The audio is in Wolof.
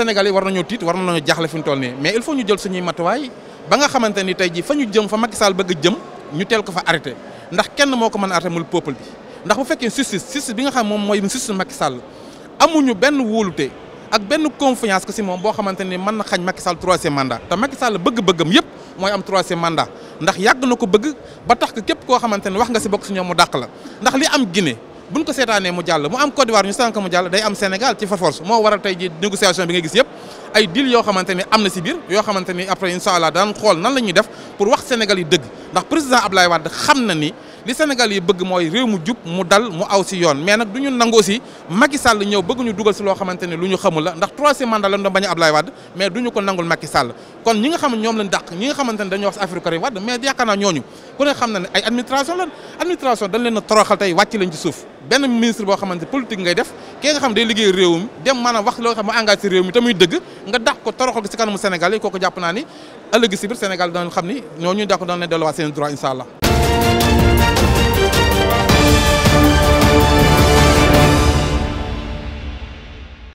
Sénégal yi war nañu warna war nañu jaxlé fuñ ñu mais il faut ñu jël suñuy matuway ba nga xamanteni tay ji fañu jëm fa Macky Sall bëgg jëm ñu teel ko fa arrêté ndax kenn moko mëna arrêté mul peuple bi ndax bu fekkee justice justice bi nga xam mom moy justice Macky Sall amuñu ben wuluté ak ben confiance ko ci mom bo xamanteni man na xañ Macky Sall 3e mandat ta Macky Sall bëgg-bëggam yépp moy am 3e mandat ndax yag na ko bëgg ba tax ko képp ko xamanteni wax nga ci bok suñu mu dakk la ndax li am Guinée buñ ko seetaanee mu jàll mu am Côte d'Ivoire ñu sànq mu jàll day am Sénégal ci fa force moo waral tey négociation bi nga gis yëpp ay deal yoo xamante am na si biir yoo xamante ni après incha allah daan xool nan la ñuy def pour wax Sénégal yi dëgg ndax président Ablaye Wade xam na ni li Sénégal yi bëgg mooy réew mu jub mu dal mu aw si yoon mais nag du ñu nangu aussi Macky Sall ñëw bëgg ñu dugal si loo xamante ni lu ñu xamul la ndax troisième mandat lañ doon bañ a Ablaye Wade ko nga xam ne ñoom nga xamante ne dañoo wax si affaire Karim Wade ku ne xam na ne ay administration lan administration dañ leen a toroxal tey wàcc leen ci suuf benn ministre boo xamante politique ngay def kii nga xam day liggéey réew mi dem maanaam wax loo xam mu engagé si réew mi te muy dëgg nga dàq ko toroxal ko si kanamu Sénégal yi kooku jàpp naa ni ëllëg si biir Sénégal danañ xam ni ñooñu dàq danañ leen delluwaat seen droit incha allah